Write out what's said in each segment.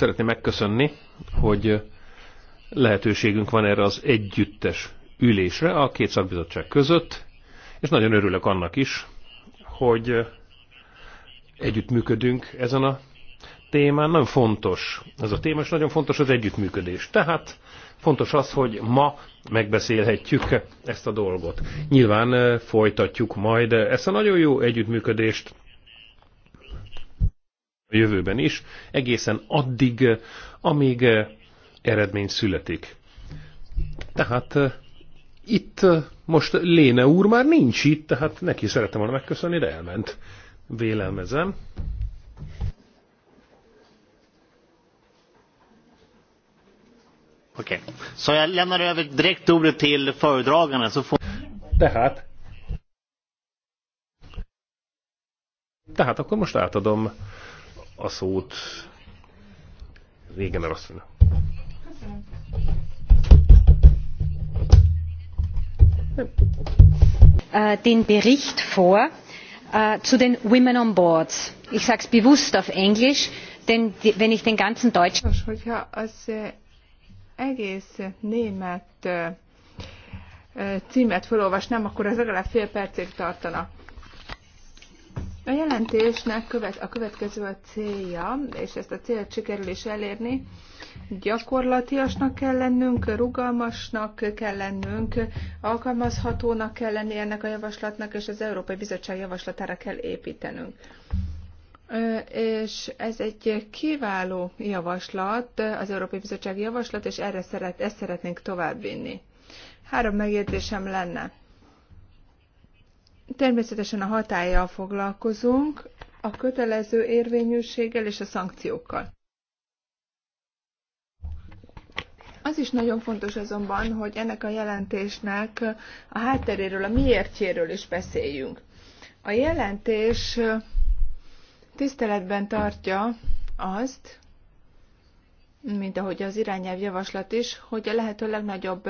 szeretném megköszönni, hogy lehetőségünk van erre az együttes ülésre a két szakbizottság között, és nagyon örülök annak is, hogy együttműködünk ezen a témán. Nagyon fontos ez a téma, és nagyon fontos az együttműködés. Tehát fontos az, hogy ma megbeszélhetjük ezt a dolgot. Nyilván eh, folytatjuk majd ezt a nagyon jó együttműködést a jövőben is, egészen addig, amíg eh, eredmény születik. Tehát eh, itt eh, most Léne úr már nincs itt, tehát neki szerettem volna megköszönni, de elment. Vélelmezem. Oké. Okay. Så jag lämnar över direkt ordet till föredraganden så får... Tehát... Tehát akkor most átadom a szót régen asszonynak. Köszönöm. den Bericht vor äh, zu den Women on Boards. Ich sage es bewusst auf Englisch, denn wenn ich den ganzen deutschen... Hogyha az äh, egész német äh, címet felolvasnám, akkor ez legalább fél percig tartana. A jelentésnek követ, a következő a célja, és ezt a célt sikerül is elérni. Gyakorlatiasnak kell lennünk, rugalmasnak kell lennünk, alkalmazhatónak kell lenni ennek a javaslatnak, és az Európai Bizottság javaslatára kell építenünk. És ez egy kiváló javaslat, az Európai Bizottság javaslat, és erre szeret, ezt szeretnénk továbbvinni. Három megjegyzésem lenne. Természetesen a hatállyal foglalkozunk, a kötelező érvényűséggel és a szankciókkal. Az is nagyon fontos azonban, hogy ennek a jelentésnek a hátteréről, a miértjéről is beszéljünk. A jelentés tiszteletben tartja azt, mint ahogy az irányelv javaslat is, hogy a lehető legnagyobb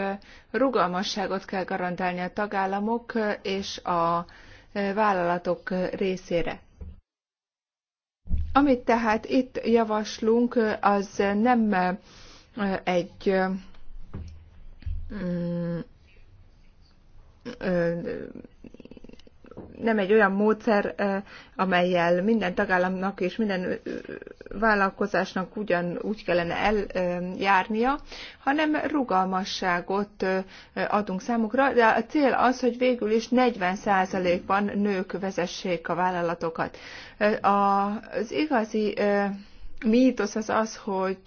rugalmasságot kell garantálni a tagállamok és a vállalatok részére. Amit tehát itt javaslunk, az nem egy mm, nem egy olyan módszer, amelyel minden tagállamnak és minden vállalkozásnak ugyanúgy kellene eljárnia, hanem rugalmasságot adunk számukra, de a cél az, hogy végül is 40%-ban nők vezessék a vállalatokat. Az igazi mítosz az az, hogy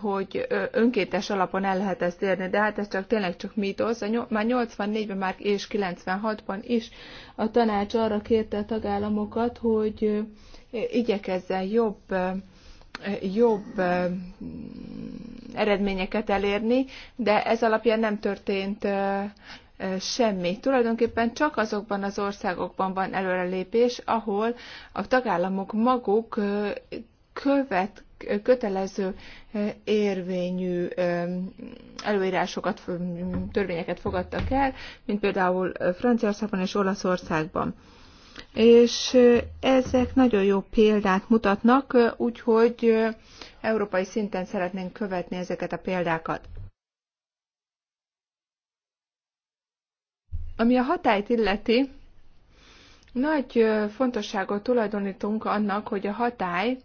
hogy önkéntes alapon el lehet ezt érni, de hát ez csak tényleg csak mítosz. Már 84-ben már és 96-ban is a tanács arra kérte a tagállamokat, hogy igyekezzen jobb jobb eredményeket elérni, de ez alapján nem történt semmi. Tulajdonképpen csak azokban az országokban van előrelépés, ahol a tagállamok maguk követ, kötelező érvényű előírásokat, törvényeket fogadtak el, mint például Franciaországban és Olaszországban. És ezek nagyon jó példát mutatnak, úgyhogy európai szinten szeretnénk követni ezeket a példákat. Ami a hatályt illeti, nagy fontosságot tulajdonítunk annak, hogy a hatály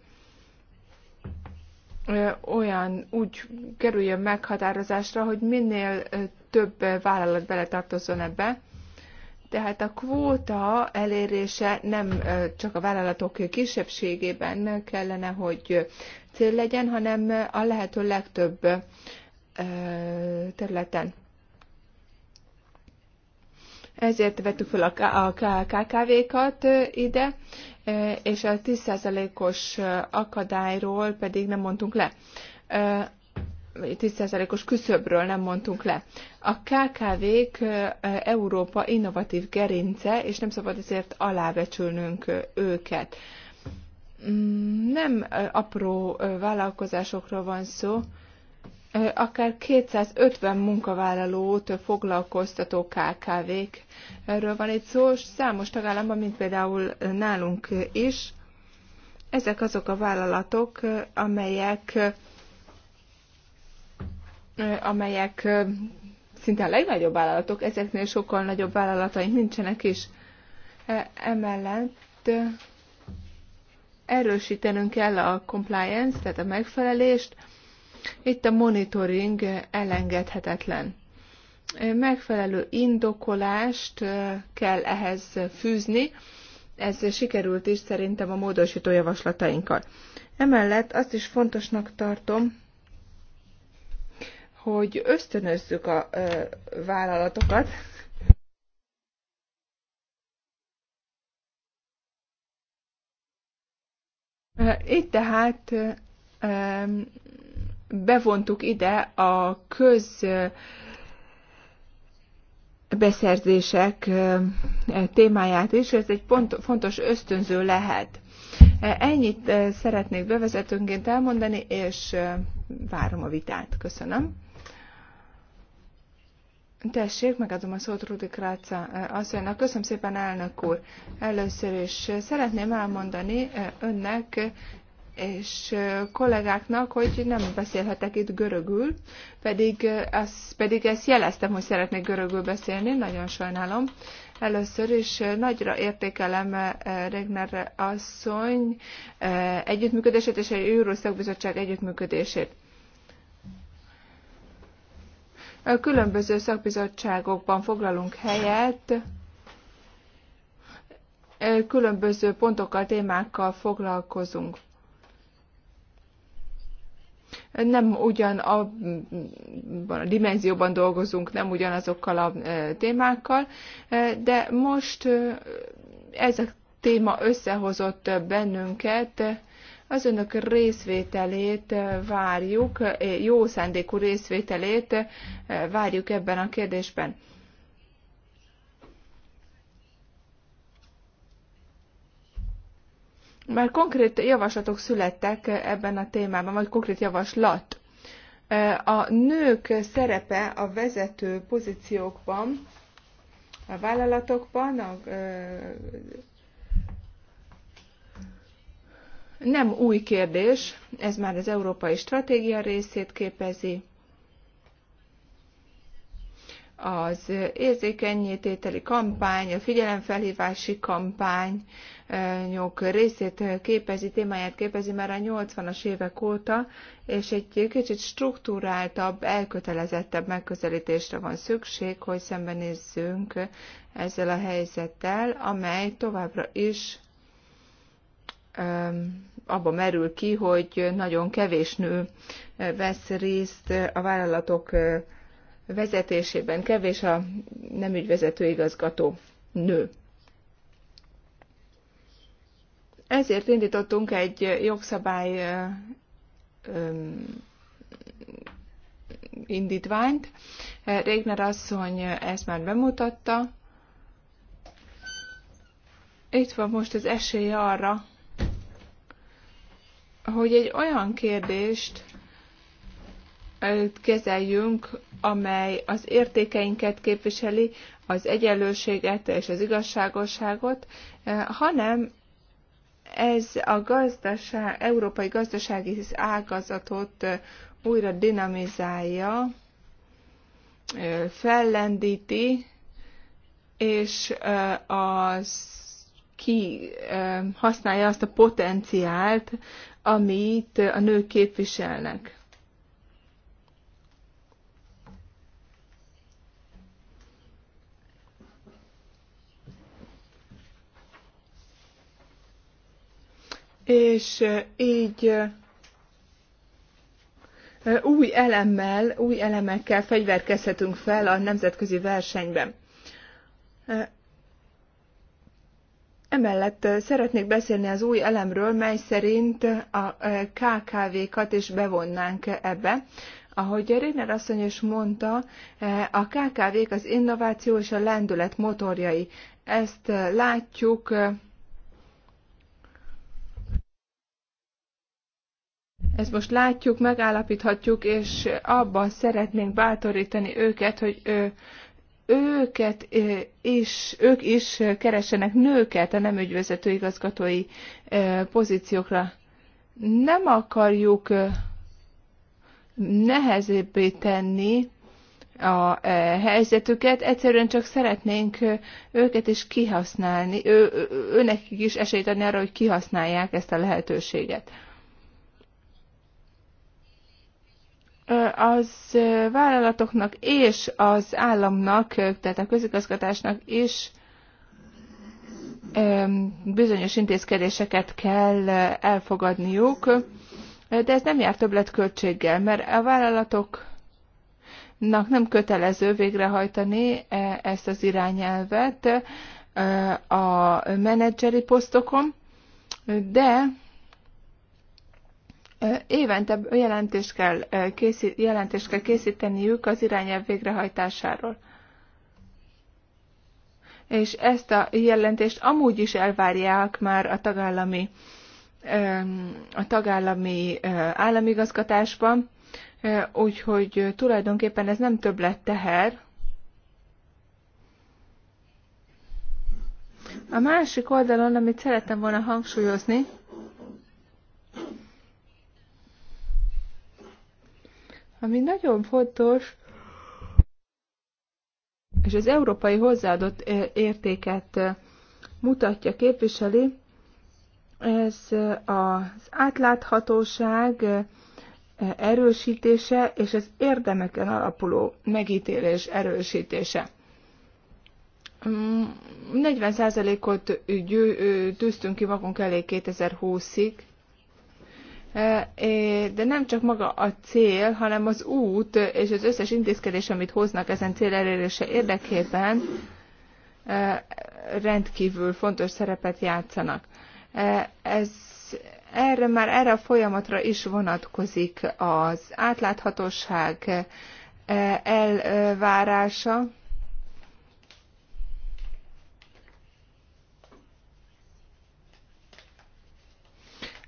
olyan úgy kerüljön meghatározásra, hogy minél több vállalat beletartozzon ebbe. Tehát a kvóta elérése nem csak a vállalatok kisebbségében kellene, hogy cél legyen, hanem a lehető legtöbb területen. Ezért vettük fel a KKV-kat ide, és a 10%-os akadályról pedig nem mondtunk le. 10%-os küszöbről nem mondtunk le. A KKV-k Európa innovatív gerince, és nem szabad ezért alábecsülnünk őket. Mm, nem apró vállalkozásokról van szó, akár 250 munkavállalót foglalkoztató KKV-k. Erről van itt szó, számos tagállamban, mint például nálunk is. Ezek azok a vállalatok, amelyek amelyek szinte a legnagyobb vállalatok, ezeknél sokkal nagyobb vállalataink nincsenek is. Emellett erősítenünk kell a compliance, tehát a megfelelést, itt a monitoring elengedhetetlen. Megfelelő indokolást kell ehhez fűzni, ez sikerült is szerintem a módosító javaslatainkkal. Emellett azt is fontosnak tartom, hogy ösztönözzük a ö, vállalatokat, Itt tehát bevontuk ide a köz eh, beszerzések eh, témáját is, ez egy pont, fontos ösztönző lehet. Eh, ennyit szeretnék bevezetőnként elmondani, és várom a vitát. Köszönöm. Tessék, megadom a szót Rudi Kráca asszonynak. Köszönöm szépen, elnök úr. Először is szeretném elmondani önnek és kollégáknak, hogy nem beszélhetek itt görögül, pedig, az, pedig ezt jeleztem, hogy szeretnék görögül beszélni, nagyon sajnálom. Először is nagyra értékelem Regner asszony együttműködését és a Eurószak Bizottság együttműködését. A különböző szakbizottságokban foglalunk helyet, különböző pontokkal, témákkal foglalkozunk nem ugyan a, a dimenzióban dolgozunk, nem ugyanazokkal a e, témákkal, e, de most e, ez a téma összehozott bennünket, az önök részvételét várjuk, jó szándékú részvételét várjuk ebben a kérdésben. már konkrét javaslatok születtek ebben a témában, vagy konkrét javaslat. A nők szerepe a vezető pozíciókban, a vállalatokban, a, nem új kérdés, ez már az európai stratégia részét képezi az érzékenyítételi kampány, a figyelemfelhívási nyok részét képezi, témáját képezi már a 80-as évek óta, és egy kicsit struktúráltabb, elkötelezettebb megközelítésre van szükség, hogy szembenézzünk ezzel a helyzettel, amely továbbra is abba merül ki, hogy nagyon kevés nő vesz részt a vállalatok vezetésében kevés a nem ügyvezető igazgató nő. Ezért indítottunk egy jogszabály indítványt. Régner asszony ezt már bemutatta. Itt van most az esély arra, hogy egy olyan kérdést kezeljünk, amely az értékeinket képviseli, az egyenlőséget és az igazságosságot, eh, hanem ez a gazdaság, európai gazdasági ágazatot eh, újra dinamizálja, eh, fellendíti, és az ki használja azt a potenciált, amit a nők képviselnek. és így új elemmel, új elemekkel fegyverkezhetünk fel a nemzetközi versenyben. Emellett szeretnék beszélni az új elemről, mely szerint a KKV-kat is bevonnánk ebbe. Ahogy Réner asszony is mondta, a KKV-k az innováció és a lendület motorjai. Ezt látjuk Ezt most látjuk, megállapíthatjuk, és abban szeretnénk bátorítani őket, hogy ő, őket is, ők is keressenek nőket a nem ügyvezető igazgatói pozíciókra. Nem akarjuk nehezebbé tenni a helyzetüket, egyszerűen csak szeretnénk őket is kihasználni, ő, őnek is esélyt adni arra, hogy kihasználják ezt a lehetőséget. az vállalatoknak és az államnak, tehát a közigazgatásnak is bizonyos intézkedéseket kell elfogadniuk, de ez nem jár többletköltséggel, mert a vállalatoknak nem kötelező végrehajtani e, ezt az irányelvet a menedzseri posztokon, de Évente jelentést kell, készít, jelentést kell készíteniük az irányelv végrehajtásáról. És ezt a jelentést amúgy is elvárják már a tagállami, a tagállami államigazgatásban, úgyhogy tulajdonképpen ez nem több lett teher. A másik oldalon, amit szerettem volna hangsúlyozni, ami nagyon fontos, és az európai hozzáadott értéket mutatja, képviseli, ez az átláthatóság erősítése és az érdemeken alapuló megítélés erősítése. 40%-ot mm, tűztünk ki magunk elé 2020-ig, de nem csak maga a cél, hanem az út és az összes intézkedés, amit hoznak ezen cél elérése érdekében, rendkívül fontos szerepet játszanak. Ez erre már erre a folyamatra is vonatkozik az átláthatóság elvárása,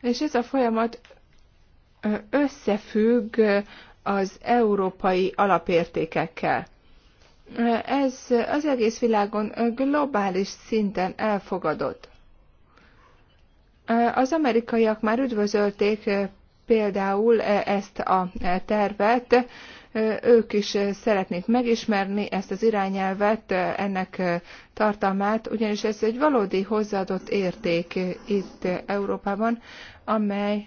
És ez a folyamat összefügg az európai alapértékekkel. Ez az egész világon globális szinten elfogadott. Az amerikaiak már üdvözölték például ezt a tervet, ők is szeretnék megismerni ezt az irányelvet, ennek tartalmát, ugyanis ez egy valódi hozzáadott érték itt Európában, amely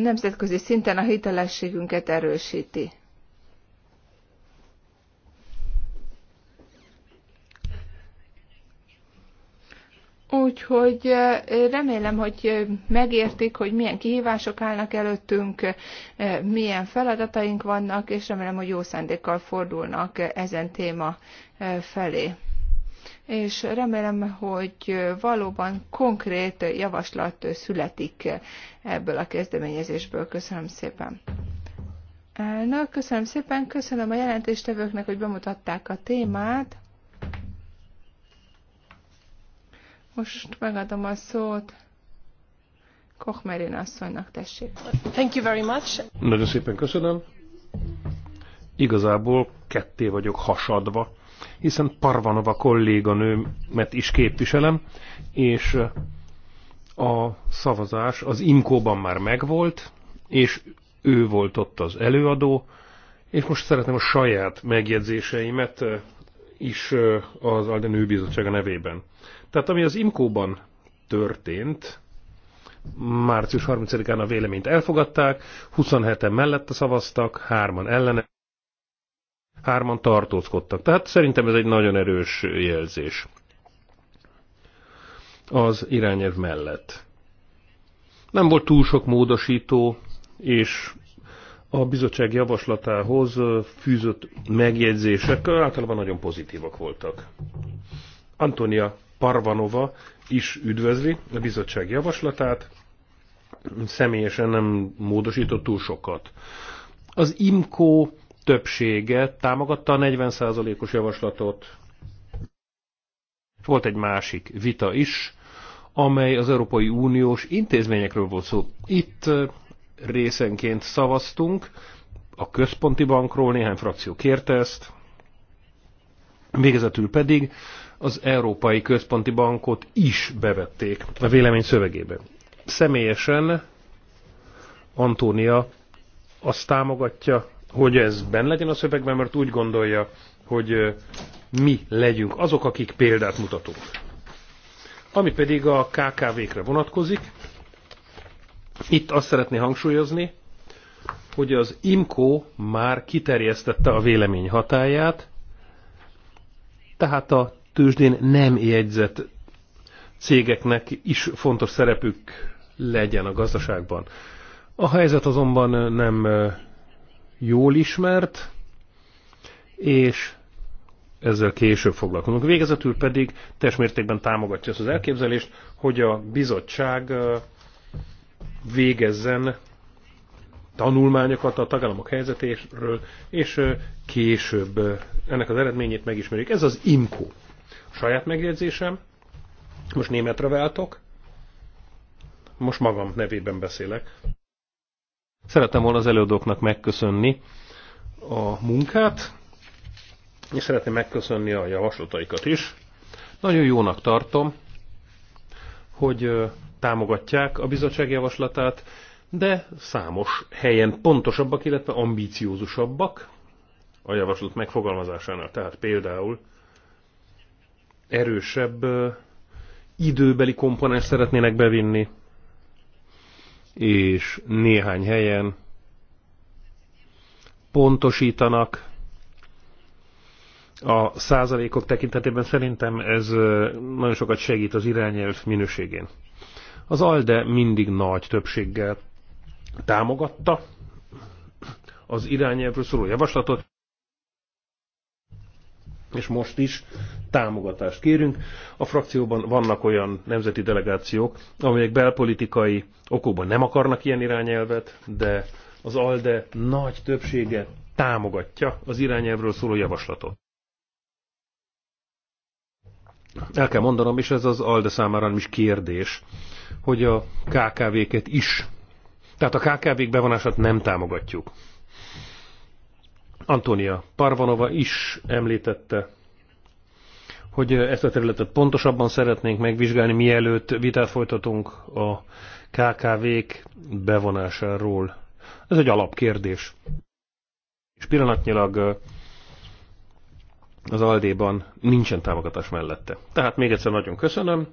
nemzetközi szinten a hitelességünket erősíti. Úgyhogy eh, remélem, hogy eh, megértik, hogy milyen kihívások állnak előttünk, eh, milyen feladataink vannak, és remélem, hogy jó szándékkal fordulnak ezen téma felé és remélem, hogy valóban konkrét javaslat születik ebből a kezdeményezésből. Köszönöm szépen. Na, köszönöm szépen, köszönöm a jelentéstevőknek, hogy bemutatták a témát. Most megadom a szót. Kochmerin asszonynak tessék. Thank you very much. Nagyon szépen köszönöm. Igazából ketté vagyok hasadva hiszen Parvanova kolléganőmet is képviselem, és a szavazás az Imkóban már megvolt, és ő volt ott az előadó, és most szeretném a saját megjegyzéseimet is az Alden bizottsága nevében. Tehát ami az Imkóban történt, március 30-án a véleményt elfogadták, 27-en mellette szavaztak, 3-an ellene, hárman tartózkodtak. Tehát szerintem ez egy nagyon erős jelzés az irányelv mellett. Nem volt túl sok módosító, és a bizottság javaslatához fűzött megjegyzések általában nagyon pozitívak voltak. Antonia Parvanova is üdvözli a bizottság javaslatát, személyesen nem módosított túl sokat. Az IMCO többsége támogatta a 40%-os javaslatot. Volt egy másik vita is, amely az Európai Uniós intézményekről volt szó. Itt részenként szavaztunk, a központi bankról néhány frakció kérte ezt, végezetül pedig az Európai Központi Bankot is bevették a vélemény szövegébe. Személyesen Antónia azt támogatja, hogy ez benne legyen a szövegben, mert úgy gondolja, hogy mi legyünk azok, akik példát mutatunk. Ami pedig a KKV-kre vonatkozik, itt azt szeretné hangsúlyozni, hogy az IMCO már kiterjesztette a vélemény hatáját, tehát a tőzsdén nem jegyzett cégeknek is fontos szerepük legyen a gazdaságban. A helyzet azonban nem jól ismert, és ezzel később foglalkozunk. Végezetül pedig teljes mértékben támogatja ezt az elképzelést, hogy a bizottság végezzen tanulmányokat a tagállamok helyzetéről, és később ennek az eredményét megismerjük. Ez az IMCO. A saját megjegyzésem, most németre váltok, most magam nevében beszélek. Szeretem volna az előadóknak megköszönni a munkát, és szeretném megköszönni a javaslataikat is. Nagyon jónak tartom, hogy támogatják a bizottság javaslatát, de számos helyen pontosabbak, illetve ambíciózusabbak a javaslat megfogalmazásánál. Tehát például erősebb időbeli komponens szeretnének bevinni, és néhány helyen pontosítanak a százalékok tekintetében szerintem ez nagyon sokat segít az irányelv minőségén. Az ALDE mindig nagy többséggel támogatta az irányelvről szóló javaslatot, és most is támogatást kérünk. A frakcióban vannak olyan nemzeti delegációk, amelyek belpolitikai okokban nem akarnak ilyen irányelvet, de az ALDE nagy többsége támogatja az irányelvről szóló javaslatot. El kell mondanom, és ez az ALDE számára nem is kérdés, hogy a KKV-ket is, tehát a KKV-k bevonását nem támogatjuk. Antonia Parvanova is említette, hogy ezt a területet pontosabban szeretnénk megvizsgálni, mielőtt vitát folytatunk a KKV-k bevonásáról. Ez egy alapkérdés. És pillanatnyilag az Aldéban nincsen támogatás mellette. Tehát még egyszer nagyon köszönöm,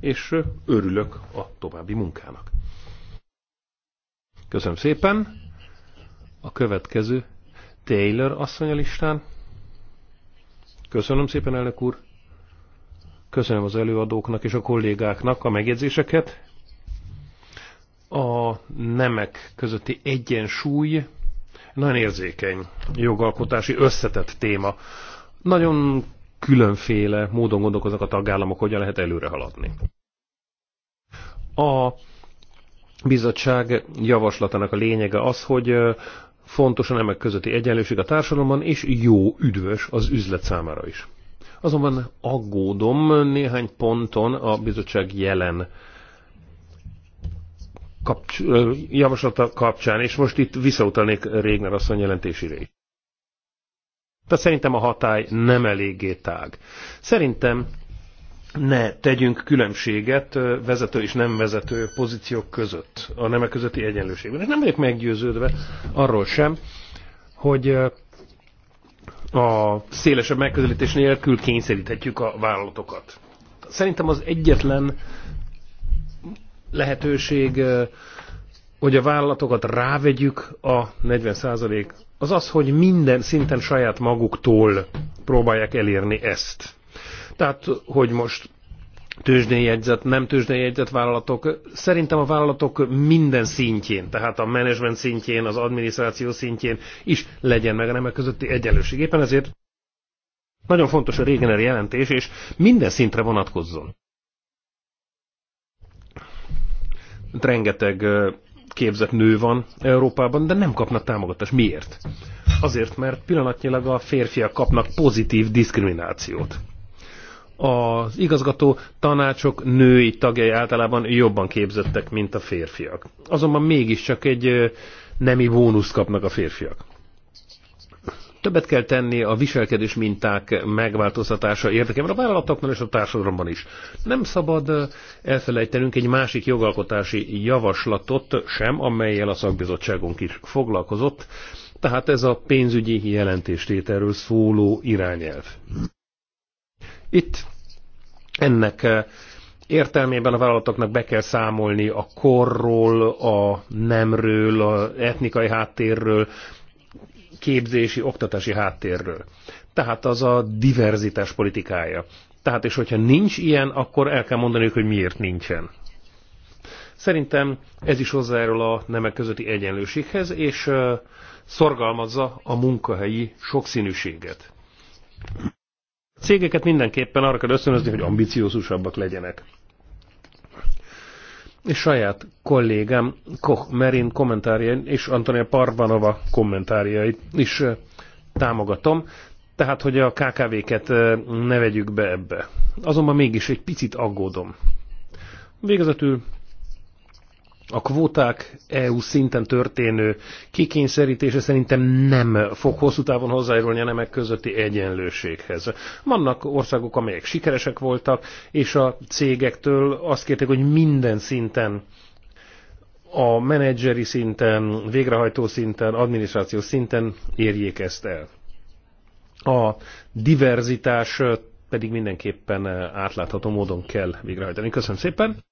és örülök a további munkának. Köszönöm szépen. A következő Taylor asszony a listán. Köszönöm szépen, elnök úr. Köszönöm az előadóknak és a kollégáknak a megjegyzéseket. A nemek közötti egyensúly nagyon érzékeny jogalkotási összetett téma. Nagyon különféle módon gondolkoznak a tagállamok, hogyan lehet előre haladni. A bizottság javaslatának a lényege az, hogy fontos a nemek közötti egyenlőség a társadalomban, és jó, üdvös az üzlet számára is. Azonban aggódom néhány ponton a bizottság jelen kapcs javaslata kapcsán, és most itt visszautalnék Régner asszony jelentésére is. Tehát szerintem a hatály nem eléggé tág. Szerintem ne tegyünk különbséget vezető és nem vezető pozíciók között, a nemek közötti egyenlőségben. És nem vagyok meggyőződve arról sem, hogy a szélesebb megközelítés nélkül kényszeríthetjük a vállalatokat. Szerintem az egyetlen lehetőség, hogy a vállalatokat rávegyük a 40 az az, hogy minden szinten saját maguktól próbálják elérni ezt. Tehát, hogy most tőzsdén jegyzett, nem tőzsdén jegyzett vállalatok. Szerintem a vállalatok minden szintjén, tehát a menedzsment szintjén, az adminisztráció szintjén is legyen meg a nemek közötti egyenlőség. Éppen ezért nagyon fontos a régeneri jelentés, és minden szintre vonatkozzon. Rengeteg képzett nő van Európában, de nem kapnak támogatást. Miért? Azért, mert pillanatnyilag a férfiak kapnak pozitív diszkriminációt az igazgató tanácsok női tagjai általában jobban képzettek, mint a férfiak. Azonban mégiscsak egy nemi bónusz kapnak a férfiak. Többet kell tenni a viselkedés minták megváltoztatása érdekében a vállalatoknál és a társadalomban is. Nem szabad elfelejtenünk egy másik jogalkotási javaslatot sem, amelyel a szakbizottságunk is foglalkozott, tehát ez a pénzügyi jelentéstételről szóló irányelv. Itt ennek eh, értelmében a vállalatoknak be kell számolni a korról, a nemről, a etnikai háttérről, képzési, oktatási háttérről. Tehát az a diverzitás politikája. Tehát és hogyha nincs ilyen, akkor el kell ők, hogy miért nincsen. Szerintem ez is hozzájárul a nemek közötti egyenlőséghez, és eh, szorgalmazza a munkahelyi sokszínűséget cégeket mindenképpen arra kell ösztönözni, hogy ambiciózusabbak legyenek. És saját kollégám Koch Merin kommentárjai és Antonia Parvanova kommentárjait is támogatom, tehát hogy a KKV-ket ne vegyük be ebbe. Azonban mégis egy picit aggódom. Végezetül a kvóták EU szinten történő kikényszerítése szerintem nem fog hosszú távon hozzájárulni a nemek közötti egyenlőséghez. Vannak országok, amelyek sikeresek voltak, és a cégektől azt kérték, hogy minden szinten a menedzseri szinten, végrehajtó szinten, adminisztráció szinten érjék ezt el. A diverzitás pedig mindenképpen átlátható módon kell végrehajtani. Köszönöm szépen!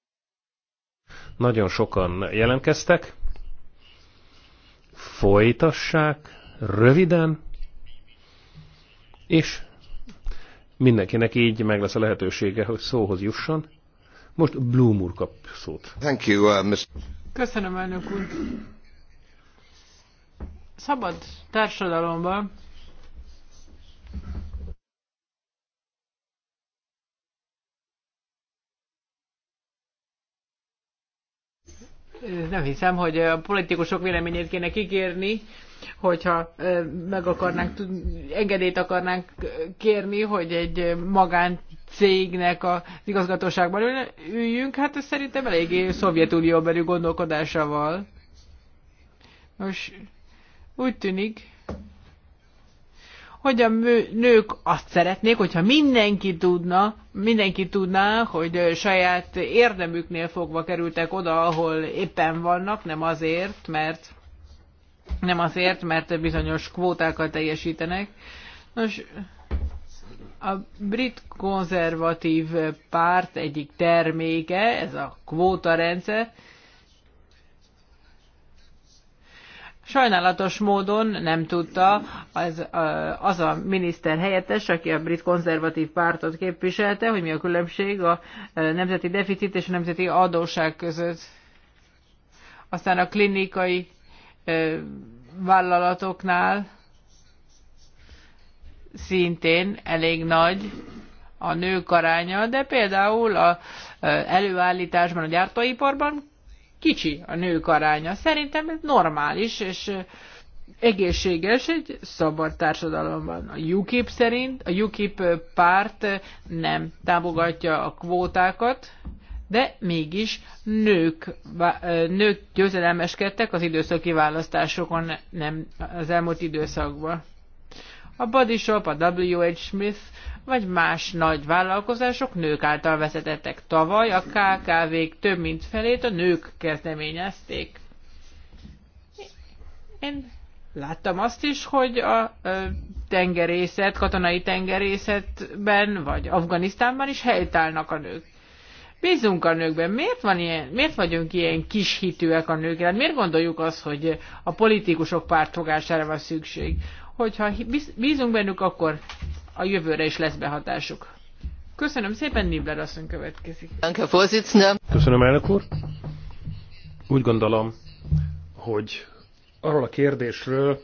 Nagyon sokan jelentkeztek. Folytassák röviden, és mindenkinek így meg lesz a lehetősége, hogy szóhoz jusson. Most Bloom úr kap szót. Thank you, uh, Mr. Köszönöm, elnök úr. Szabad társadalomban nem hiszem, hogy a politikusok véleményét kéne kikérni, hogyha meg akarnánk, engedélyt akarnánk kérni, hogy egy magán cégnek az igazgatóságban üljünk, hát ez szerintem eléggé Szovjetunióbeli gondolkodásával. Most úgy tűnik, hogy a nők azt szeretnék, hogyha mindenki tudna, mindenki tudná, hogy saját érdemüknél fogva kerültek oda, ahol éppen vannak, nem azért, mert nem azért, mert bizonyos kvótákat teljesítenek. Nos, a brit konzervatív párt egyik terméke, ez a kvótarendszer, rendszer, Sajnálatos módon nem tudta az, az a miniszter helyettes, aki a brit konzervatív pártot képviselte, hogy mi a különbség a e, nemzeti deficit és a nemzeti adóság között. Aztán a klinikai e, vállalatoknál szintén elég nagy a nők aránya, de például a e, előállításban, a gyártóiparban kicsi a nők aránya. Szerintem ez normális, és egészséges egy szabad társadalomban. A UKIP szerint a UKIP párt nem támogatja a kvótákat, de mégis nők, nők győzelmeskedtek az időszaki választásokon, nem az elmúlt időszakban. A Body Shop, a W.H. Smith vagy más nagy vállalkozások nők által vezetettek tavaly, a KKV-k több mint felét a nők kezdeményezték. Én láttam azt is, hogy a tengerészet, katonai tengerészetben, vagy Afganisztánban is helytállnak a nők. Bízunk a nőkben. Miért, van ilyen, miért vagyunk ilyen kis hitűek a nőkre? Miért gondoljuk azt, hogy a politikusok pártfogására van szükség? hogyha bízunk bennük, akkor a jövőre is lesz behatásuk. Köszönöm szépen, Nibler asszony következik. Köszönöm, elnök úr. Úgy gondolom, hogy arról a kérdésről,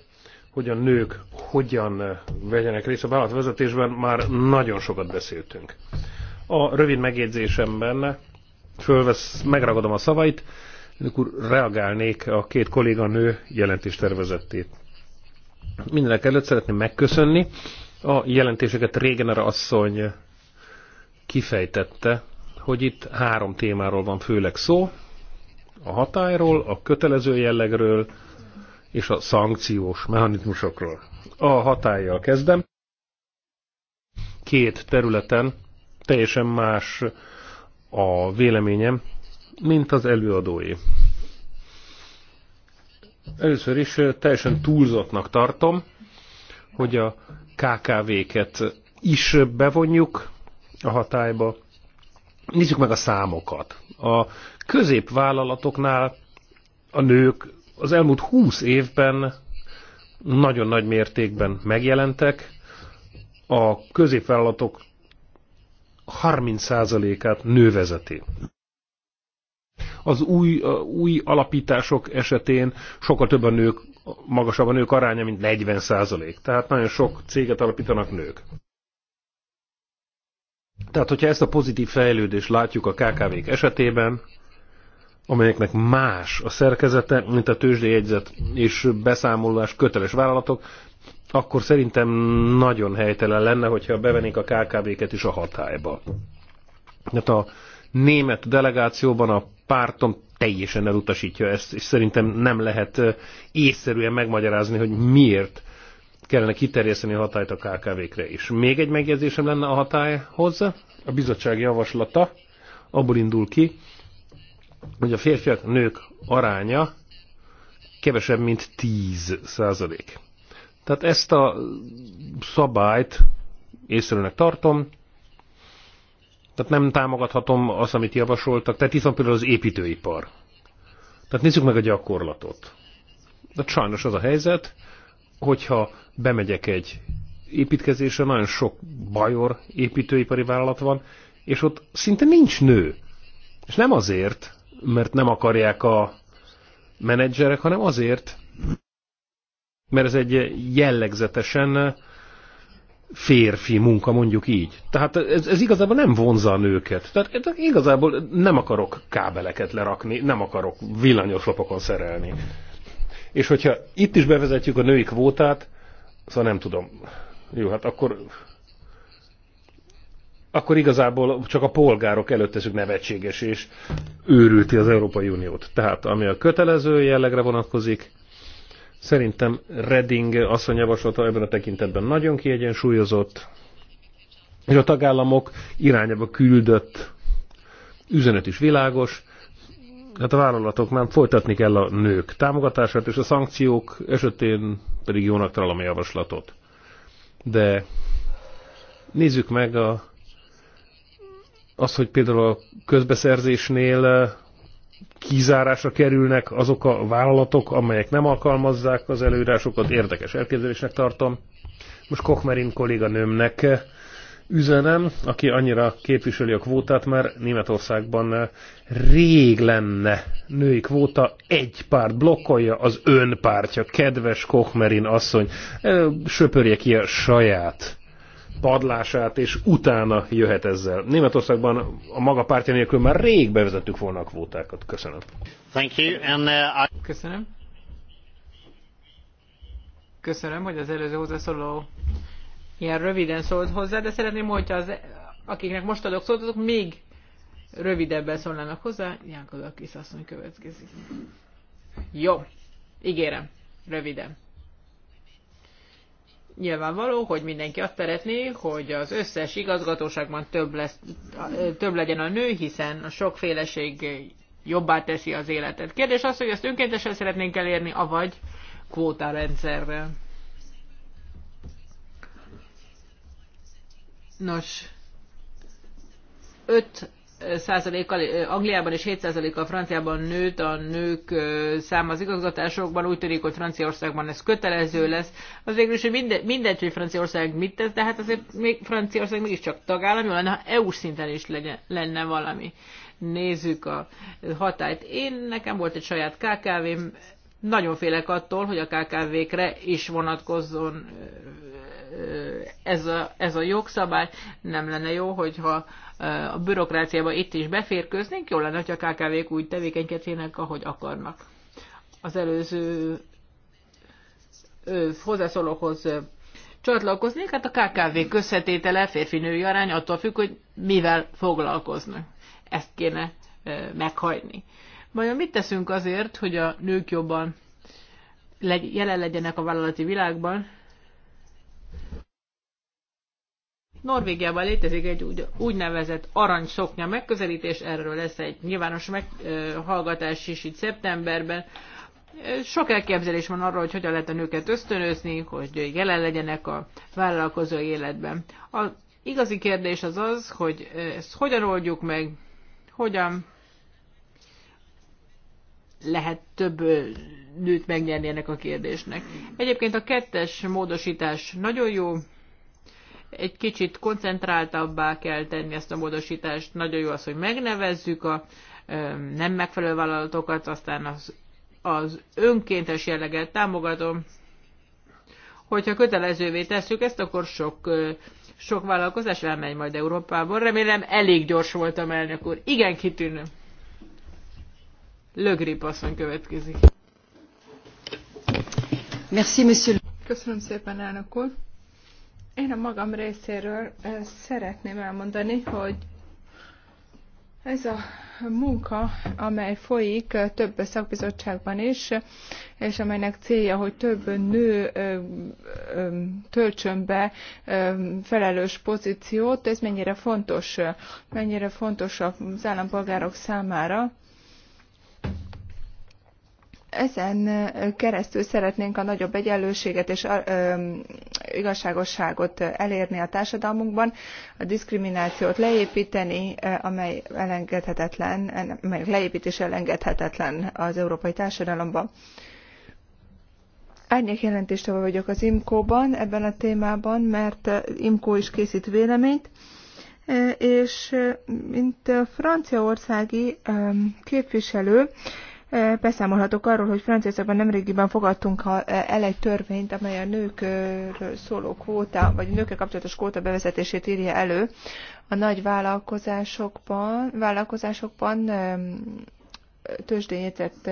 hogy a nők hogyan eh, vegyenek részt a vállalatvezetésben, már nagyon sokat beszéltünk. A rövid megjegyzésemben fölvesz, megragadom a szavait, amikor reagálnék a két kolléganő jelentéstervezetét. Mindenek előtt szeretném megköszönni. A jelentéseket Régener asszony kifejtette, hogy itt három témáról van főleg szó. A hatályról, a kötelező jellegről és a szankciós mechanizmusokról. A hatállyal kezdem. Két területen teljesen más a véleményem, mint az előadói. Először is teljesen túlzottnak tartom, hogy a KKV-ket is bevonjuk a hatályba. Nézzük meg a számokat. A középvállalatoknál a nők az elmúlt 20 évben nagyon nagy mértékben megjelentek. A középvállalatok 30%-át nő vezeti. Az új, új alapítások esetén sokkal több a nők, magasabb a nők aránya, mint 40 százalék. Tehát nagyon sok céget alapítanak nők. Tehát, hogyha ezt a pozitív fejlődést látjuk a KKV-k esetében, amelyeknek más a szerkezete, mint a tőzsdéjegyzet és beszámolás köteles vállalatok, akkor szerintem nagyon helytelen lenne, hogyha bevennék a KKV-ket is a hatályba. Tehát a német delegációban a pártom teljesen elutasítja ezt, és szerintem nem lehet észszerűen megmagyarázni, hogy miért kellene kiterjeszteni a hatályt a KKV-kre is. Még egy megjegyzésem lenne a hatályhoz. A bizottság javaslata abból indul ki, hogy a férfiak-nők aránya kevesebb, mint 10 százalék. Tehát ezt a szabályt észrevőnek tartom, tehát nem támogathatom azt, amit javasoltak. Tehát itt van például az építőipar. Tehát nézzük meg a gyakorlatot. De sajnos az a helyzet, hogyha bemegyek egy építkezésre, nagyon sok bajor építőipari vállalat van, és ott szinte nincs nő. És nem azért, mert nem akarják a menedzserek, hanem azért, mert ez egy jellegzetesen férfi munka, mondjuk így. Tehát ez, ez igazából nem vonza a nőket. Tehát igazából nem akarok kábeleket lerakni, nem akarok villanyoslapokon szerelni. És hogyha itt is bevezetjük a női kvótát, szóval nem tudom. Jó, hát akkor akkor igazából csak a polgárok előtt teszük nevetséges és őrülti az Európai Uniót. Tehát ami a kötelező jellegre vonatkozik, Szerintem Reding asszony javasolta ebben a tekintetben nagyon kiegyensúlyozott, és a tagállamok irányába küldött üzenet is világos, hát a vállalatok már folytatni kell a nők támogatását, és a szankciók esetén pedig jónak találom a javaslatot. De nézzük meg a, az, hogy például a közbeszerzésnél kizárásra kerülnek azok a vállalatok, amelyek nem alkalmazzák az előírásokat, érdekes elképzelésnek tartom. Most Kochmerin kolléganőmnek üzenem, aki annyira képviseli a kvótát, mert Németországban rég lenne női kvóta, egy párt blokkolja az ön pártja, kedves Kochmerin asszony, söpörje ki a saját padlását, és utána jöhet ezzel. Németországban a maga pártja nélkül már rég bevezettük volna a kvótákat. Köszönöm. Thank you, and, uh, I... Köszönöm. Köszönöm, hogy az előző hozzászóló ilyen röviden szólt hozzá, de szeretném, hogy az, akiknek most adok szólt, azok még rövidebben szólnának hozzá. Jánkodó Kisasszony következik. Jó, ígérem, röviden nyilvánvaló, hogy mindenki azt szeretné, hogy az összes igazgatóságban több, lesz, több legyen a nő, hiszen a sokféleség jobbá teszi az életet. Kérdés az, hogy ezt önkéntesen szeretnénk elérni, avagy kvótarendszerrel. Nos, öt kal Angliában és 7%-kal Franciában nőtt a nők száma az igazgatásokban. Úgy tűnik, hogy Franciaországban ez kötelező lesz. Az végül is, hogy minden, mindegy, hogy Franciaország mit tesz, de hát azért még Franciaország mégiscsak tagállami lenne, ha eu szinten is legyen, lenne valami. Nézzük a hatályt. Én, nekem volt egy saját KKV-m, nagyon félek attól, hogy a KKV-kre is vonatkozzon ez a, ez a jogszabály. Nem lenne jó, hogyha a bürokráciába itt is beférköznénk, jó lenne, hogy a KKV-k úgy tevékenykedjenek, ahogy akarnak. Az előző hozzászólókhoz csatlakoznék, hát a KKV közvetétele férfi-női arány attól függ, hogy mivel foglalkoznak. Ezt kéne meghajni. Vajon mit teszünk azért, hogy a nők jobban legy- jelen legyenek a vállalati világban? Norvégiában létezik egy úgy, úgynevezett arany szoknya megközelítés, erről lesz egy nyilvános meghallgatás is itt szeptemberben. Sok elképzelés van arról, hogy hogyan lehet a nőket ösztönözni, hogy jelen legyenek a vállalkozó életben. A igazi kérdés az az, hogy ezt hogyan oldjuk meg, hogyan lehet több nőt megnyerni ennek a kérdésnek. Egyébként a kettes módosítás nagyon jó, egy kicsit koncentráltabbá kell tenni ezt a módosítást. Nagyon jó az, hogy megnevezzük a nem megfelelő vállalatokat, aztán az, az önkéntes jelleget támogatom. Hogyha kötelezővé tesszük ezt, akkor sok, sok vállalkozás elmegy majd Európában. Remélem elég gyors voltam, elnök úr. Igen, kitűnő. Lögrip asszony következik. Merci, monsieur. Köszönöm szépen, elnök úr. Én a magam részéről szeretném elmondani, hogy ez a munka, amely folyik több szakbizottságban is, és amelynek célja, hogy több nő töltsön be felelős pozíciót, ez mennyire fontos, mennyire fontos az állampolgárok számára ezen keresztül szeretnénk a nagyobb egyenlőséget és igazságosságot elérni a társadalmunkban, a diszkriminációt leépíteni, amely elengedhetetlen, amely leépítés elengedhetetlen az európai társadalomban. Árnyék jelentéstevő vagyok az IMCO-ban ebben a témában, mert IMCO is készít véleményt, és mint franciaországi képviselő, Beszámolhatok arról, hogy Franciaországban nemrégiben fogadtunk el egy törvényt, amely a nőkről szóló kvóta, vagy a nőkkel kapcsolatos kvóta bevezetését írja elő. A nagy vállalkozásokban, vállalkozásokban tőzsdényített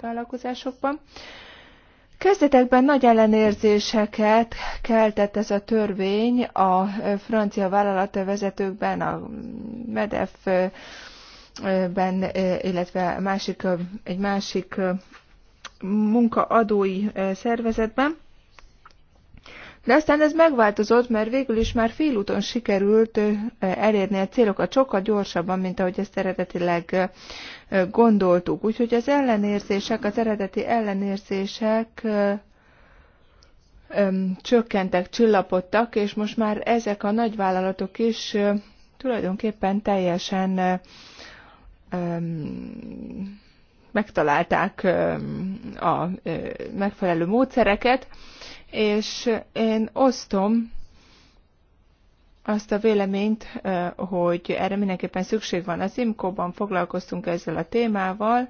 vállalkozásokban. Kezdetekben nagy ellenérzéseket keltett ez a törvény a francia vállalatvezetőkben, a MEDEF ben, illetve másik, egy másik munkaadói szervezetben. De aztán ez megváltozott, mert végül is már félúton sikerült elérni a célokat sokkal gyorsabban, mint ahogy ezt eredetileg gondoltuk. Úgyhogy az ellenérzések, az eredeti ellenérzések csökkentek, csillapodtak, és most már ezek a nagyvállalatok is tulajdonképpen teljesen megtalálták a megfelelő módszereket, és én osztom azt a véleményt, hogy erre mindenképpen szükség van. Az IMCO-ban foglalkoztunk ezzel a témával,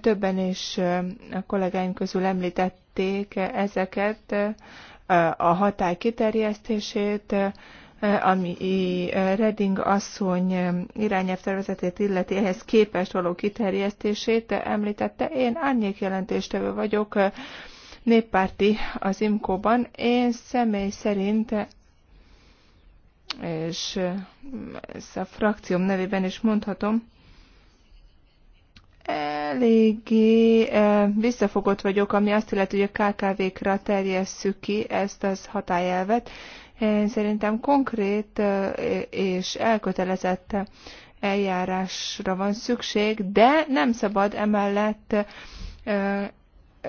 többen is a kollégáim közül említették ezeket, a hatály kiterjesztését, ami Reding asszony irányelvtervezetét illeti, ehhez képest való kiterjesztését említette. Én árnyék jelentéstevő vagyok néppárti az IMKO-ban. Én személy szerint és ezt a frakcióm nevében is mondhatom, eléggé visszafogott vagyok, ami azt illeti, hogy a KKV-kra terjesszük ki ezt az hatályelvet, én szerintem konkrét és elkötelezett eljárásra van szükség, de nem szabad emellett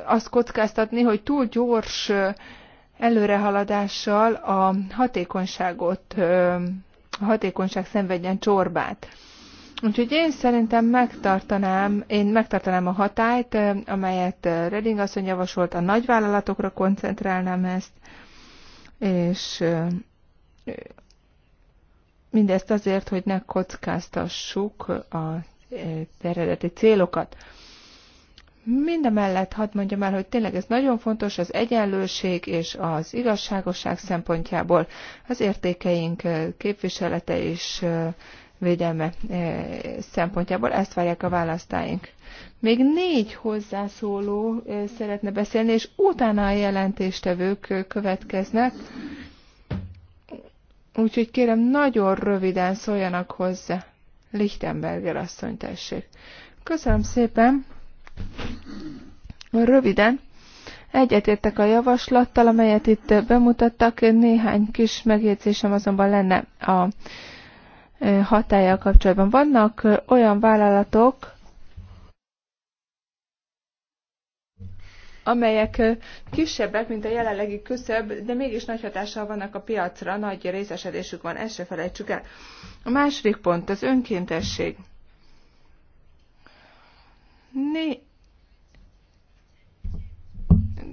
azt kockáztatni, hogy túl gyors előrehaladással a hatékonyságot, a hatékonyság szenvedjen csorbát. Úgyhogy én szerintem megtartanám, én megtartanám a hatályt, amelyet Reding asszony javasolt, a nagyvállalatokra koncentrálnám ezt, és mindezt azért, hogy ne kockáztassuk az eredeti célokat. Mindemellett hadd mondjam el, hogy tényleg ez nagyon fontos az egyenlőség és az igazságosság szempontjából az értékeink képviselete és védelme szempontjából. Ezt várják a választáink. Még négy hozzászóló szeretne beszélni, és utána a jelentéstevők következnek. Úgyhogy kérem, nagyon röviden szóljanak hozzá. Lichtenberger asszony, tessék. Köszönöm szépen. Röviden. Egyetértek a javaslattal, amelyet itt bemutattak. Néhány kis megjegyzésem azonban lenne a hatája kapcsolatban. Vannak olyan vállalatok, amelyek kisebbek, mint a jelenlegi küszöb, de mégis nagy hatással vannak a piacra, nagy részesedésük van, ezt se felejtsük el. A második pont az önkéntesség. Né-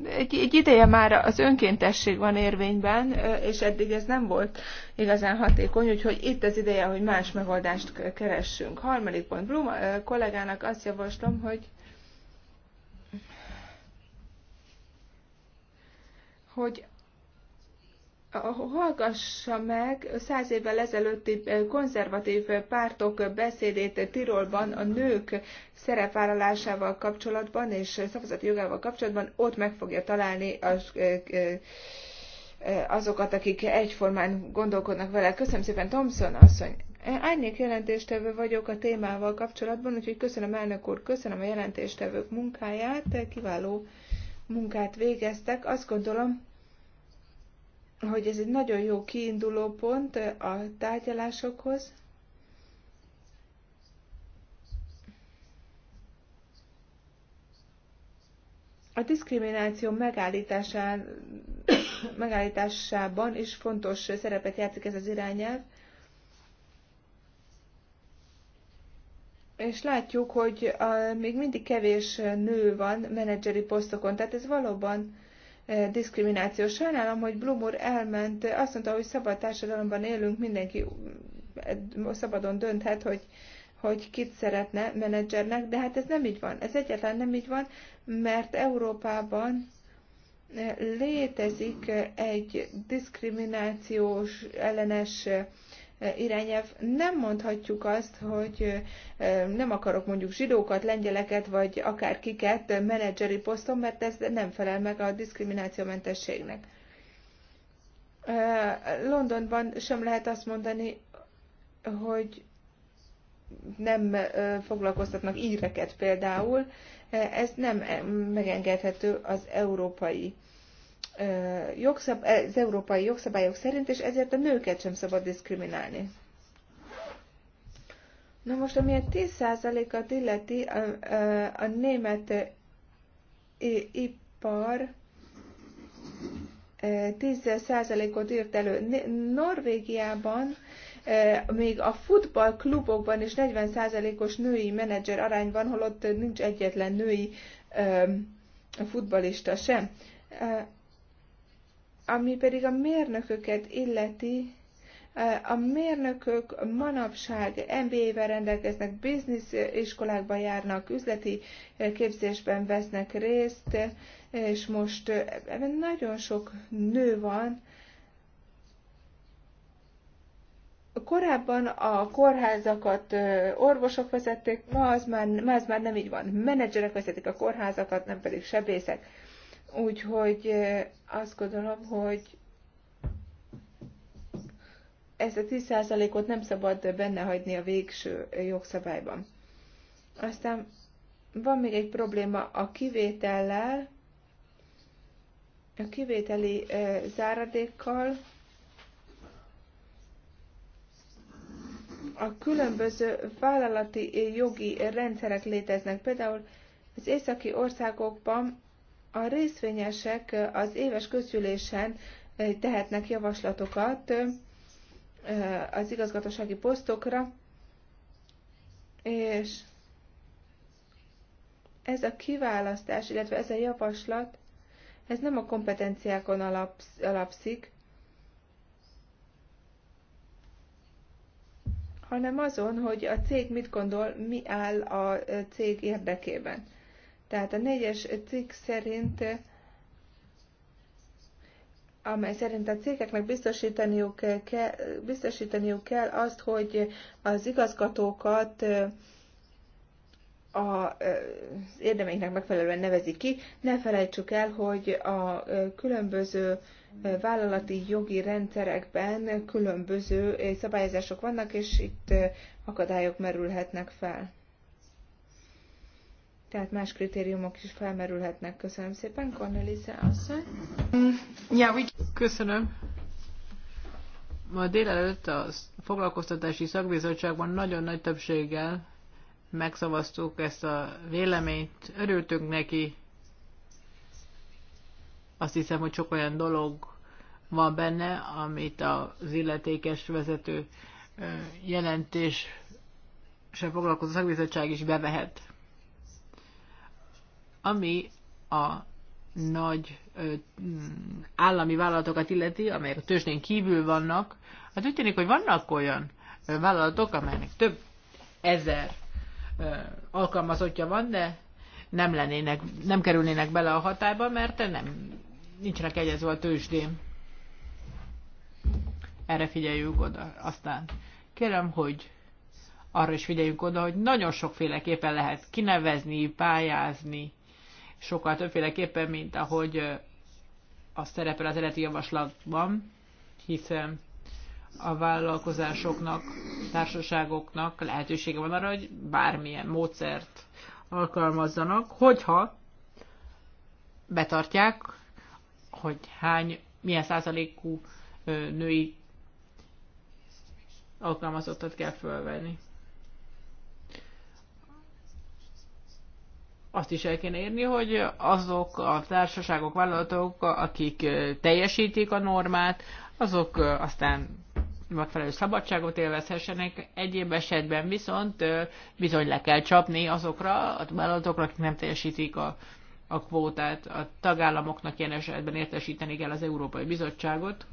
egy, egy ideje már az önkéntesség van érvényben, és eddig ez nem volt igazán hatékony, úgyhogy itt az ideje, hogy más megoldást keressünk. Harmadik pont. Blum kollégának azt javaslom, hogy hogy hallgassa meg száz évvel ezelőtti eh, konzervatív pártok beszédét Tirolban a nők szerepvállalásával kapcsolatban és szavazati jogával kapcsolatban, ott meg fogja találni az, eh, eh, azokat, akik egyformán gondolkodnak vele. Köszönöm szépen, Thompson asszony! Árnyék jelentéstevő vagyok a témával kapcsolatban, úgyhogy köszönöm elnök úr, köszönöm a jelentéstevők munkáját, kiváló munkát végeztek. Azt gondolom, hogy ez egy nagyon jó kiinduló pont a tárgyalásokhoz. A diszkrimináció megállításában is fontos szerepet játszik ez az irányelv. és látjuk, hogy a, még mindig kevés nő van menedzseri posztokon, tehát ez valóban e, diszkrimináció. Sajnálom, hogy Blumur elment, azt mondta, hogy szabad társadalomban élünk, mindenki e, szabadon dönthet, hogy, hogy kit szeretne menedzsernek, de hát ez nem így van. Ez egyáltalán nem így van, mert Európában e, létezik egy diszkriminációs ellenes e, irányelv. Nem mondhatjuk azt, hogy nem akarok mondjuk zsidókat, lengyeleket, vagy akár kiket menedzseri poszton, mert ez nem felel meg a diszkriminációmentességnek. Londonban sem lehet azt mondani, hogy nem foglalkoztatnak íreket például, ez nem megengedhető az európai jogszab, e, az európai jogszabályok szerint, és ezért a nőket sem szabad diszkriminálni. Na most, ami a 10%-at illeti, a, a, a német ipar 10%-ot írt elő. Norvégiában még a futballklubokban is 40%-os női menedzser arány van, holott nincs egyetlen női futbalista sem. Ami pedig a mérnököket illeti, eh, a mérnökök manapság MBA-vel rendelkeznek, biznisz iskolákban járnak, üzleti eh, képzésben vesznek részt, és most eh, ebben nagyon sok nő van. Korábban a kórházakat orvosok vezették, ma az már, ma az már nem így van. Menedzserek vezetik a kórházakat, nem pedig sebészek Úgyhogy azt gondolom, hogy ezt a 10%-ot nem szabad benne hagyni a végső jogszabályban. Aztán van még egy probléma a kivétellel, a kivételi záradékkal, a különböző vállalati jogi rendszerek léteznek. Például az északi országokban a részvényesek az éves közgyűlésen tehetnek javaslatokat az igazgatósági posztokra, és ez a kiválasztás, illetve ez a javaslat, ez nem a kompetenciákon alapszik, hanem azon, hogy a cég mit gondol, mi áll a cég érdekében. Tehát a négyes cikk szerint amely szerint a cégeknek biztosítaniuk kell, biztosítaniuk kell azt, hogy az igazgatókat az érdemeiknek megfelelően nevezik ki. Ne felejtsük el, hogy a különböző vállalati jogi rendszerekben különböző szabályozások vannak, és itt akadályok merülhetnek fel tehát más kritériumok is felmerülhetnek. Köszönöm szépen, Cornelise asszony. Ja, úgy... Köszönöm. Ma délelőtt a foglalkoztatási szakbizottságban nagyon nagy többséggel megszavaztuk ezt a véleményt, örültünk neki. Azt hiszem, hogy sok olyan dolog van benne, amit az illetékes vezető jelentés sem foglalkozó szakbizottság is bevehet. Ami a nagy ö, mm, állami vállalatokat illeti, amelyek a tőzsdén kívül vannak, hát úgy tűnik, hogy vannak olyan ö, vállalatok, amelynek több ezer ö, alkalmazottja van, de nem, lennének, nem kerülnének bele a hatályba, mert nem nincsenek egyezve a tőzsdén. Erre figyeljünk oda. Aztán kérem, hogy arra is figyeljünk oda, hogy nagyon sokféleképpen lehet kinevezni, pályázni, sokkal többféleképpen, mint ahogy a szerepel az eredeti javaslatban, hiszen a vállalkozásoknak, társaságoknak lehetősége van arra, hogy bármilyen módszert alkalmazzanak, hogyha betartják, hogy hány, milyen százalékú női alkalmazottat kell fölvenni. azt is el kéne érni, hogy azok a társaságok, vállalatok, akik teljesítik a normát, azok aztán megfelelő szabadságot élvezhessenek, egyéb esetben viszont bizony le kell csapni azokra a vállalatokra, akik nem teljesítik a, a kvótát. A tagállamoknak ilyen esetben értesíteni kell az Európai Bizottságot,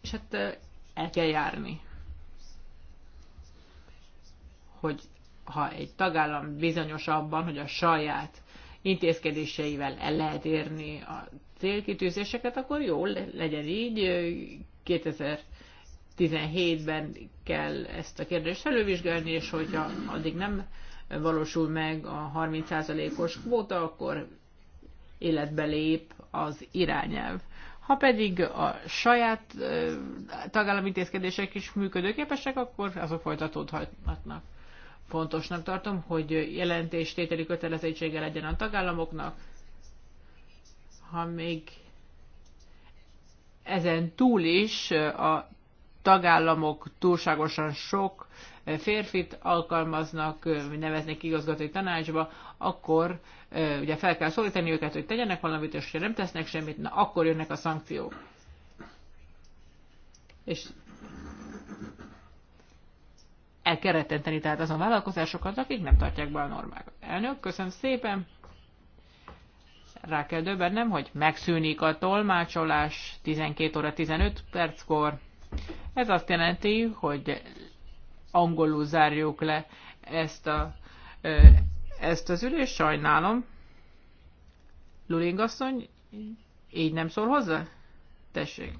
és hát el kell járni, hogy ha egy tagállam bizonyos abban, hogy a saját intézkedéseivel el lehet érni a célkitűzéseket, akkor jó, legyen így. 2017-ben kell ezt a kérdést elővizsgálni, és hogyha addig nem valósul meg a 30%-os kvóta, akkor életbe lép az irányelv. Ha pedig a saját tagállami intézkedések is működőképesek, akkor azok folytatódhatnak. Fontosnak tartom, hogy jelentéstételi kötelezettsége legyen a tagállamoknak. Ha még ezen túl is a tagállamok túlságosan sok férfit alkalmaznak, neveznek igazgatói tanácsba, akkor ugye fel kell szólítani őket, hogy tegyenek valamit, és ha nem tesznek semmit, na akkor jönnek a szankciók. És el kell rettenteni tehát azon vállalkozásokat, akik nem tartják be a normákat. Elnök, köszönöm szépen! Rá kell döbbennem, hogy megszűnik a tolmácsolás 12 óra 15 perckor. Ez azt jelenti, hogy angolul zárjuk le ezt, a, ezt az ülést, sajnálom. asszony, így nem szól hozzá? Tessék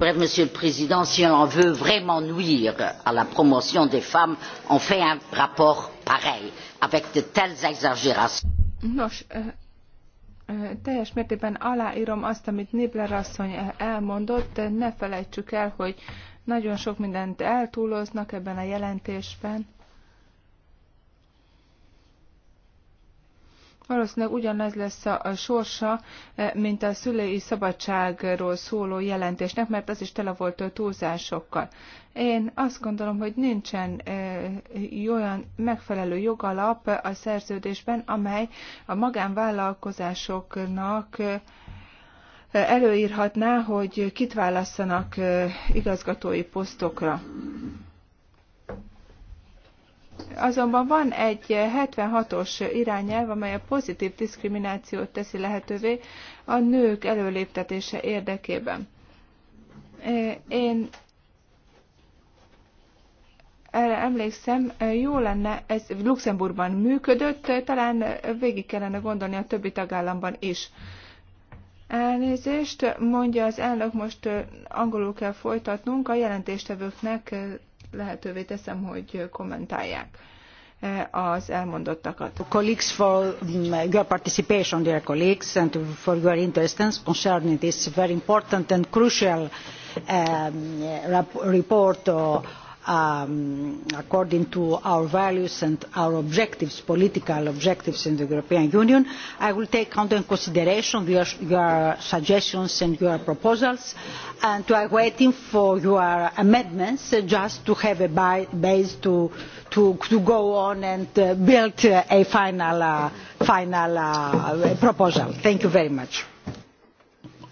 monsieur le président si on veut vraiment nuire à la promotion des femmes on fait un rapport pareil avec de telles exagérations. nos euh, euh, teljes mértékben aláírom azt, amit Nibler asszony eh, elmondott, de ne felejtsük el, hogy nagyon sok mindent eltúloznak ebben a jelentésben. Valószínűleg ugyanez lesz a sorsa, e, mint a szülői szabadságról szóló jelentésnek, mert az is tele volt túlzásokkal. Én azt gondolom, hogy nincsen e, olyan megfelelő jogalap a szerződésben, amely a magánvállalkozásoknak e, előírhatná, hogy kit válasszanak igazgatói posztokra. Azonban van egy 76-os irányelv, amely a pozitív diszkriminációt teszi lehetővé a nők előléptetése érdekében. Én erre emlékszem, jó lenne, ez Luxemburgban működött, talán végig kellene gondolni a többi tagállamban is. Elnézést, mondja az elnök, most angolul kell folytatnunk, a jelentéstevőknek lehetővé teszem, hogy kommentálják eh, az elmondottakat. Colleagues for mm, your participation, dear colleagues, and for your interest concerning this very important and crucial um, report uh, um, according to our values and our objectives, political objectives in the European Union. I will take under consideration your, your suggestions and your proposals and we are waiting for your amendments just to have a base to, to, to go on and uh, build a final, uh, final uh, proposal. Thank you very much.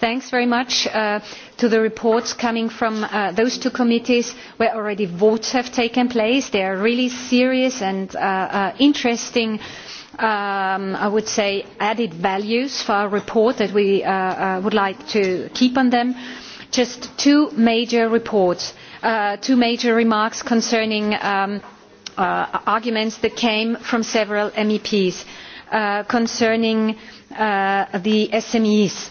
thanks very much uh, to the reports coming from uh, those two committees where already votes have taken place. They are really serious and uh, uh interesting um, I would say added values for our report that we uh, uh, would like to keep on them. Just two major reports, two major remarks concerning um, arguments that came from several MEPs concerning the SMEs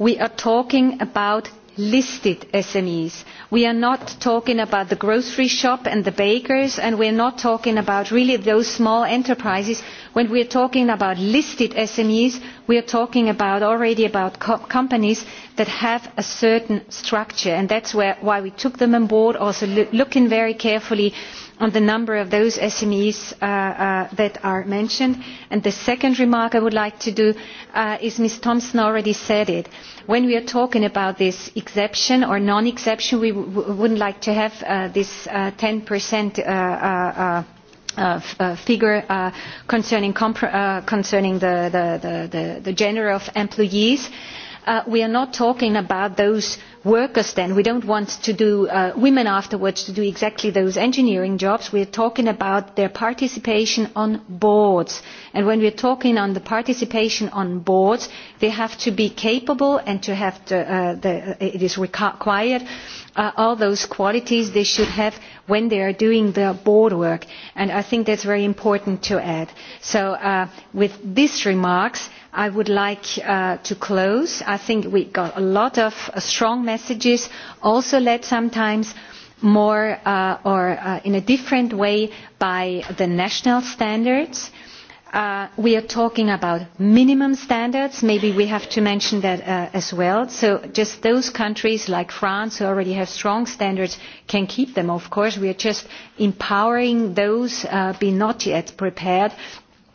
we are talking about listed smes. we are not talking about the grocery shop and the bakers and we are not talking about really those small enterprises. when we are talking about listed smes we are talking about already about companies that have a certain structure and that is why we took them on board also looking very carefully at on the number of those SMEs uh, uh, that are mentioned. And the second remark I would like to make uh, is Ms. Thompson already said it. When we are talking about this exception or non-exception, we would wouldn't like to have this ten figure concerning, the, the, gender of employees. Uh, Uh, we are not talking about those workers then we do not uh, want women afterwards to do exactly those engineering jobs we are talking about their participation on boards and when we are talking about the participation on boards they have to be capable and uh, it is required uh, all those qualities they should have when they are doing their board work and i think that is very important to add. so with these remarks I would like uh, to close. I think we got a lot of uh, strong messages, also led sometimes more uh, or in a different way by the national standards. we are talking about minimum standards. Maybe we have to mention that as well. So just those countries like France who already have strong standards can keep them, of course. We are just empowering those who are not yet prepared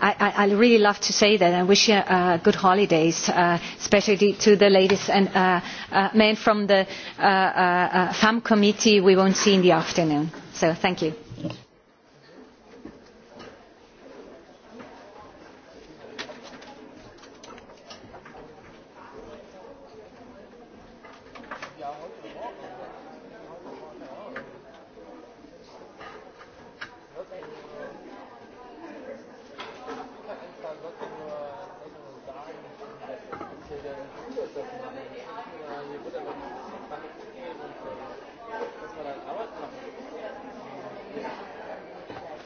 I, would really love to say that. I wish you uh, good holidays, uh, especially to the ladies and uh, men from the femm committee we won't see in the afternoon. So thank you.